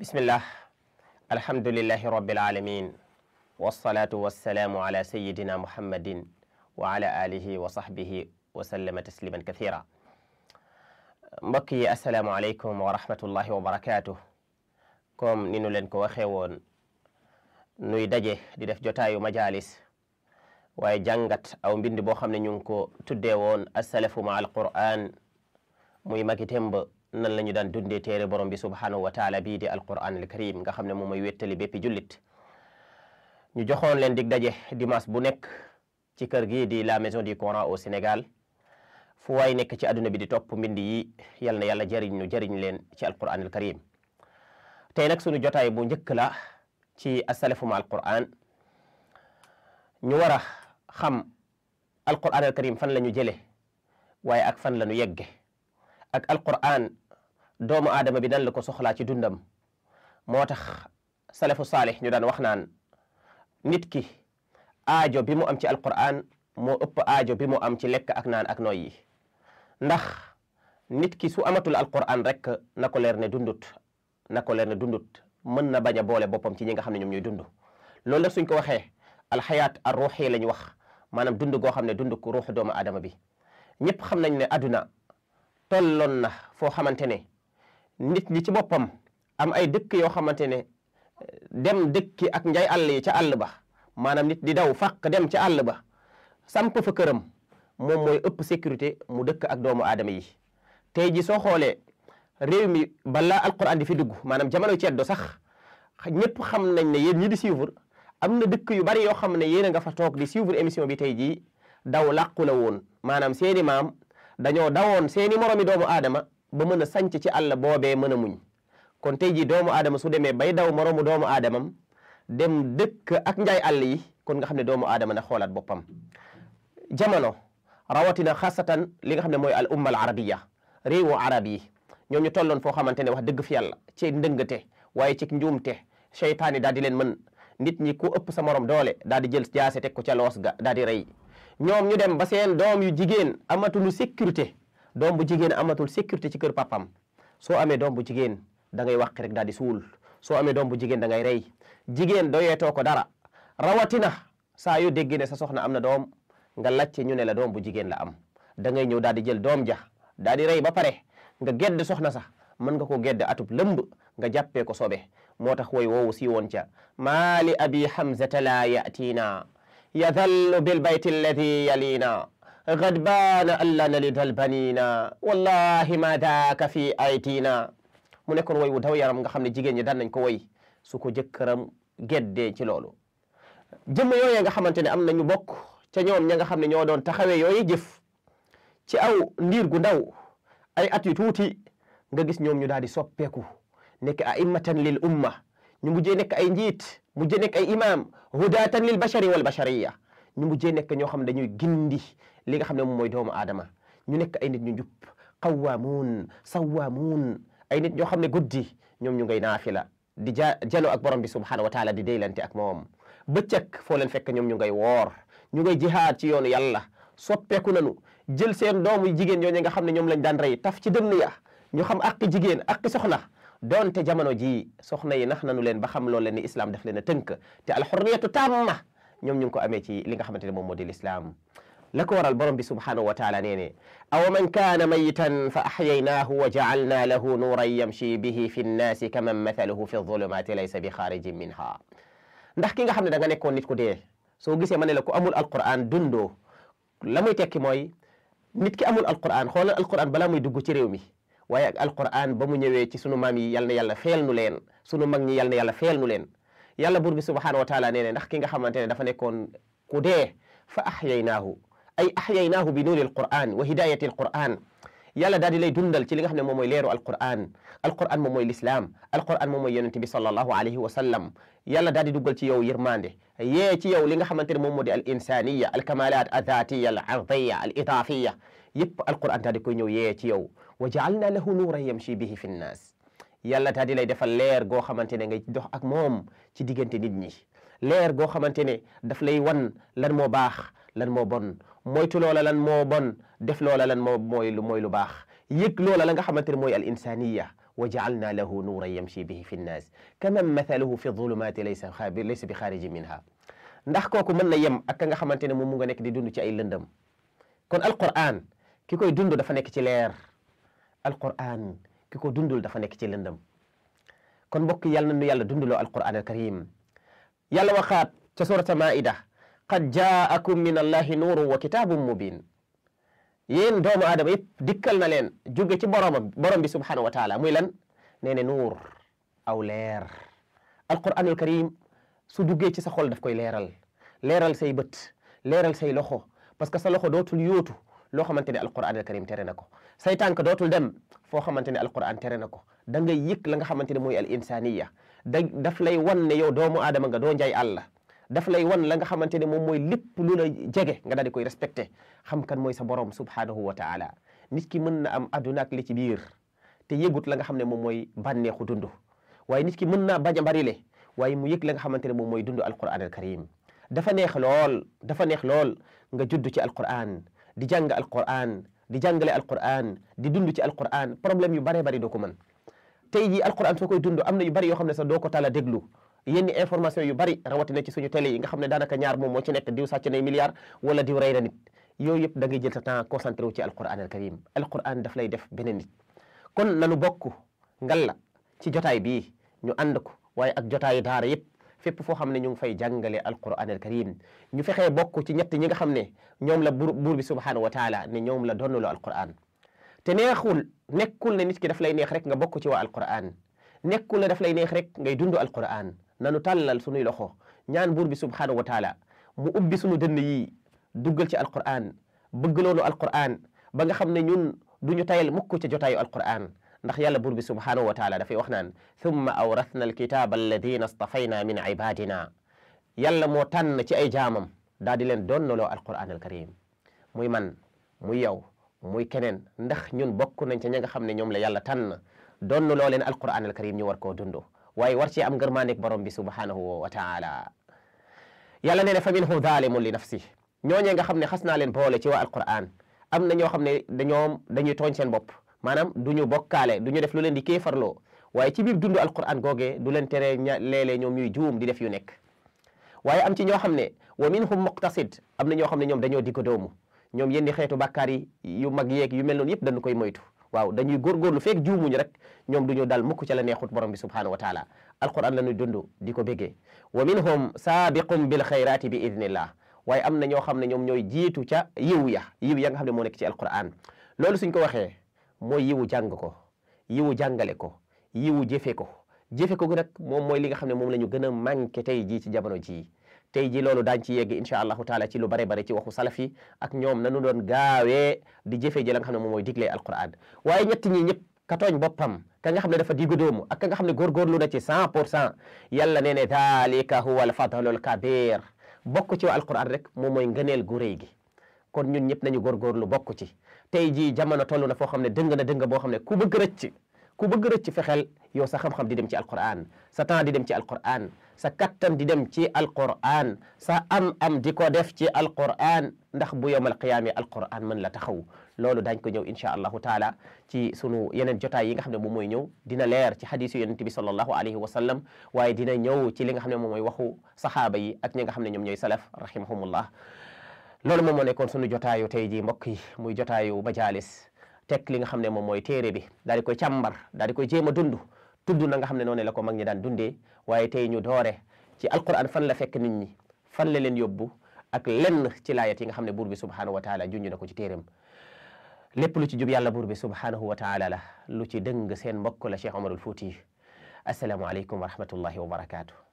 بسم الله الحمد لله رب العالمين والصلاة والسلام على سيدنا محمد وعلى آله وصحبه وسلم تسليما كثيرا مبكي السلام عليكم ورحمة الله وبركاته كم نينو لنكو وخيوون نوي داجي دي داف جوتايو مجالس واي جانغات او مبيند بو خامني نيونكو السلف مع القران موي ماكي تيمب nan la ñu daan dundee téere borom bi subhanahu wa taala bii di al karim nga xam ne moom mooy wettali béppi jullit ñu joxoon leen dig daje dimanche bu nekk ci kër gi di la maison du Coran au Sénégal fu waay nekk ci àdduna bi di topp mbind yi yal na yàlla jariñ nu jariñ leen ci alquran al karim tey nag sunu jotaay bu njëkk la ci asalafu ma alquran ñu war a xam alquran al karim fan la ñu jële waaye ak fan la ñu yegge ak alquran doomu aadama bi nan la ko soxlaa ci dundam moo tax salafu saalix ñu daan wax naan nit ki aajo bi mu am ci alquran moo ëpp aajo bi mu am ci lekk ak naan ak noyyi ndax nit ki su amatul alquran rek na ko leer ne dundut na ko leer ne dundut mën na bañ boole boppam ci ñi nga xam ne ñoom ñooy dundu loolu nag suñ ko waxee alxayaat ar ruuxi la ñu wax maanaam dund goo xam ne dund ku ruux doomu aadama bi ñëpp xam nañ ne aduna tolloon na foo xamante ne nit ñi ci boppam am ay dëkk yoo xamante ne eh, dem dëkki ak njay àll yi ca àll ba maanaam nit di daw fàq dem ci àll ba samp fa këram moom mooy ëpp sécurité mu dëkk ak doomu aadama yi tey ji soo xoolee réew mi balaa alquran di fi dugg maanaam jamono ceddo sax ñëpp xam nañ ne yéen ñi di suivre am na dëkk yu bari yoo xam ne yéen a nga fa toog di suivre émission bi tey jii daw làqu la woon maanaam seeni maam dañoo dawoon seeni moromi doomu aadama ba mën a sanc ci àll boobe mën a muñ kon tey jii doomu aadama su demee bay daw moroomu doomu aadamam dem dëkk ak njaay àll yi kon nga xam ne doomu aadama na xoolaat boppam jamono rawatina xasatan li nga xam ne mooy al umma al arabiya réewu arab yi ñoom ñu tolloon foo xamante ne wax dëgg fi yàlla ci ndëngate waaye ci njuumte seytaane daal di leen mën nit ñi ku ëpp sa morom doole daal di jël jaase teg ko ca ga daal di rey ñoom ñu dem ba seen doom yu jigéen amatul sécurité doom bu jigéen amatul sécurité ci kër pappam soo amee doom bu jigéen da ngay wax rek daal di suul soo amee doom bu jigéen da rey jigéen doyeetoo ko dara rawatina saa yu dégg sa soxna am na doom nga lacce ñu ne la doom bu jigéen la am da ngay ñëw daal di jël doom ja daal rey ba pare nga gedd soxna sax mën nga ko gedd atub lëmb nga jàppee ko sobe moo tax woy woowu si woon ca maali abi hamzata laa yatina يذل بالبيت الذي يلينا غضبان ألا نلد البنينا والله ما ذاك في أيدينا mu nekkoon way wu daw yaram nga xam ne jigéen ñi daan nañ ko way su ko jëkkëram géddee ci loolu jëmm yooyee nga xamante ne am nañu bokk ca ñoom ña nga xam ne ñoo doon taxawee yooyu jëf ci aw ndiir gu ndaw ay at yu tuuti nga gis ñoom ñu daal di soppeeku nekk a'immatan lil umma ñu mujjee nekk ay njiit mujjee nekk ay imam hudaatan lil bashari wal bashariya ñu mujjee nekk ñoo xam ne dañuy gindi li nga xam ne moom mooy doomu aadama ñu nekk ay nit ñu jub qawwaamuun sawwaamuun ay nit ñoo xam ne guddi ñoom ñu ngay naafila di ja jalo ak borom bi subhanahu wa taala di deylante ak moom bëccëg foo leen fekk ñoom ñu ngay woor ñu ngay jihaad ci yoonu yàlla soppeeku nanu jël seen doomu jigéen ñooñu nga xam ne ñoom lañ daan rey taf ci dënn ya ñu xam aqi jigéen aqi soxna دون تجمعنو جي سخنا ينحنا نولن بخام لولن الإسلام دفلنا تنك تالحرية تامة نيوم نيوم كو أميتي لنك حمد لمو مودي الإسلام لكو ورى البرم بسبحانه وتعالى نيني أو من كان ميتا فأحييناه وجعلنا له نورا يمشي به في الناس كمن مثله في الظلمات ليس بخارج منها ndax ki nga xamne da nga nekkon nit ku de so gisee mané la ko amul alquran dundo lamuy tekki moy nit ki amul alquran xolal alquran bala muy dugg ci rew mi waye ak alquran bamu ñewé ci sunu mam yi yalla yàlla feel nu leen sunu mag ñi yalla yàlla feel nu leen yàlla buur bi subhanahu wa taala neene ndax ki nga xamantene dafa nekkon ku dé fa ahyaynahu ay ahyaynahu bi nuril quran wa hidayati alquran yàlla daal di lay dundal ci li nga xamne mom moy mooy leeru alquran alquran mom moy l'islam alquran mom moy yonente bi sallallahu alayhi wa sallam yàlla daal di duggal ci yow yërmande ye ci yow li nga xamantene mom modi al insaniya al kamalat al dhatiya al ardiya al idafiya yépp alquran daal di koy ñëw yee ci yow wa jaalna lahu nuuran yamshi bihi fi nnaas yàlla daal di lay defal leer goo xamante ne ngay dox ak moom ci diggante nit ñi leer goo xamante ne daf lay wan lan moo baax lan moo bon moytu loola lan moo bon def loola lan moo mooy lu mooy lu baax yëg loola la nga xamante ne mooy al insaniya wa jaalna lahu nuuran yamshi bihi fi nnaas kaman mathaluhu fi dhulumaati laysa laysa bi xaariji minha ndax kooku mën na yem ak ka nga xamante ne moom mu nga nekk di dund ci ay lëndëm kon alquran ki koy dund dafa nekk ci leer alquran ki ko dundul dafa nekk ci lëndëm kon mbokk yàlla na nu yàlla dunduloo alquran al karim yàlla waxaat ca surata maida qad jaakum min allahi nuurun wa kitaabun mubin yéen doomu aadama yëpp dikkal na leen jóge ci boromam borom bi subhanahu wa taala muy lan nee ne nuur aw leer alquranul karim su duggee ci sa xol daf koy leeral leeral say bët leeral say loxo parce que sa loxo dootul yóotu loo xamante ne alquran al karim tere na ko say tànk dootul dem foo xamante ne alquran tere na ko da ngay yëg la nga xamante ne mooy al insaniya da daf lay wan ne yow doomu aadama nga doo njaay àlla daf lay wan la nga xamante ne moom mooy lépp lu la jege nga daal di koy respecté xam kan mooy sa borom subhanahu wa taala nit ki mën na am adduna ak li ci biir te yëgut la nga xam ne moom mooy bànneexu dund waaye nit ki mën naa bañ a mbarile waaye mu yëg la nga xamante ne moom mooy dund alquran al karim dafa neex lool dafa neex lool nga judd ci alquran di jàng alquran di jàngale alquran di dund ci alquran problème yu bare bari doo ko mën tey jii alquran soo koy dund am na yu bari yoo xam ne sax doo ko tala déglu yenn information yu bari rawatina ci suñu télé yi nga xam ne daanaka ñaar moom moo ci nekk diw sàcc nay milliard wala diw rey nit yooyu yëpp da ngay jël sa temps concentré wu ci alquran al karim alquran daf lay def beneen nit kon nanu bokk ngal la ci jotaay bii ñu ànd ko waaye ak jotaayu daara yëpp fépp foo xam ne ñu ngi fay jàngale alquran al karim ñu fexee bokk ci ñett ñi nga xam ne ñoom la buur bi subhanahu wa taala ne ñoom la donnaloo alquran te neexul nekkul ne nit ki daf lay neex rek nga bokk ci waa alquran nekkul ne daf lay neex rek ngay dund alquran nanu tàllal sunuy loxo ñaan buur bi subhanahu wa taala mu ubbi sunu dënn yi duggal ci alquran bëgg loonu alquran ba nga xam ne ñun du ñu tayal ci ca jotaayu alquran ndax yàlla سبحانه bi subhaanahu wa taala أورثنا wax naan thumma awrathna عبادنا alladina stafayna min ibadina yàlla moo tànn ci ay jaamam daal di leen donnaloo alquran alkarim muy man muy yow muy keneen ndax ñun bokk nañ ca ña nga xam ne ñoom la yàlla tànn donnaloo leen alquran alkarim ñu war koo dund waaye war cee am ngërmaandeg borom bi subhaanahu wa taala yàlla fa minhu li nafsi nga boole ci wa alquran amna ñoo xam dañoom dañuy tooñ sen bop maanaam du ñu bokkaale du ñu def lu leen di kéefarloo waaye ci biir dundu alquran googee du leen tere ña ñoom ñuy juum di def yu nekk waaye am ci ñoo xam ne wa minhum muqtasid am na ñoo xam ne ñoom dañoo digg doomu ñoom yenn xeetu bàkkaar yi yu mag yeeg yu mel noonu yëpp dañu koy moytu waaw dañuy góorgóorlu feek juumuñu rek ñoom du ñu dal mukk ca la neexut borom bi subhanahu wa taala alquran la ñuy dund di ko béggee wa minhum saabiqum bil xayraati bi idnillah waaye am na ñoo xam ne ñoom ñooy jiitu ca yiw ya yiw ya nga xam ne moo nekk ci alquran loolu suñ ko waxee mooy yiwu jàng ko yiwu jàngale ko yiwu jëfe ko jëfe ko gi nag moom mooy li nga xam ne moom la ñu gën a manqué tey ci jamono jii tey ji loolu daan ci yegg incha allahu taala ci lu bare bare ci waxu salaf yi ak ñoom nanu doon gaawe di jëfe ji la xam ne moom mooy diglee alquran waaye ñett ñi ñëpp ka tooñ boppam ka nga xam ne dafa diggu doomu ak ka nga xam ne góorgóorlu na ci cent pour cent yàlla nee ne dalika huwa alfadlul kabir bokk ci wa alquran rek moom mooy ngëneel gu rëy gi kon ñun ñëpp nañu góorgóorlu bokku ci tey jii jamono tollu na foo xam ne dëng na dëng boo xam ne ku bëgg rëcc ku bëgg rëcc fexeel yow sa xam-xam di dem ci alquran sa temps di dem ci alquran sa kattan di dem ci alquran sa am-am di ko def ci alquran ndax bu yowmal qiyaame alquran mën la taxaw loolu daañ ko ñëw incha allahu taala ci sunu yeneen jotaay yi nga xam ne moom mooy ñëw dina leer ci xadisu yonente bi sallallahu alayhi wa sallam waaye dina ñëw ci li nga xam ne moom mooy waxu saxaaba yi ak ñi nga xam ne ñoom ñooy salaf rahimahumullah loolu moom moo nekkoon sunu jotaayu tey jii mbokk yi muy jotaayu majaalis teg li nga xam ne moom mooy téere bi daal di koy càmbar daal koy jéem a dundu tudd na nga xam ne noonu la ko mag ñi daan dundee waaye tey ñu doore ci alquran fan la fekk nit ñi fan la leen yóbbu ak len ci laayat yi nga xam ne buur bi subhaanahu wa taala junj na ko ci téereem lépp lu ci jub yàlla buur bi subhaanahu wa taala la lu ci dëng seen mbokk la Cheikh Omarul Fouti asalaamaaleykum wa rahmatullahi wa barakaatu.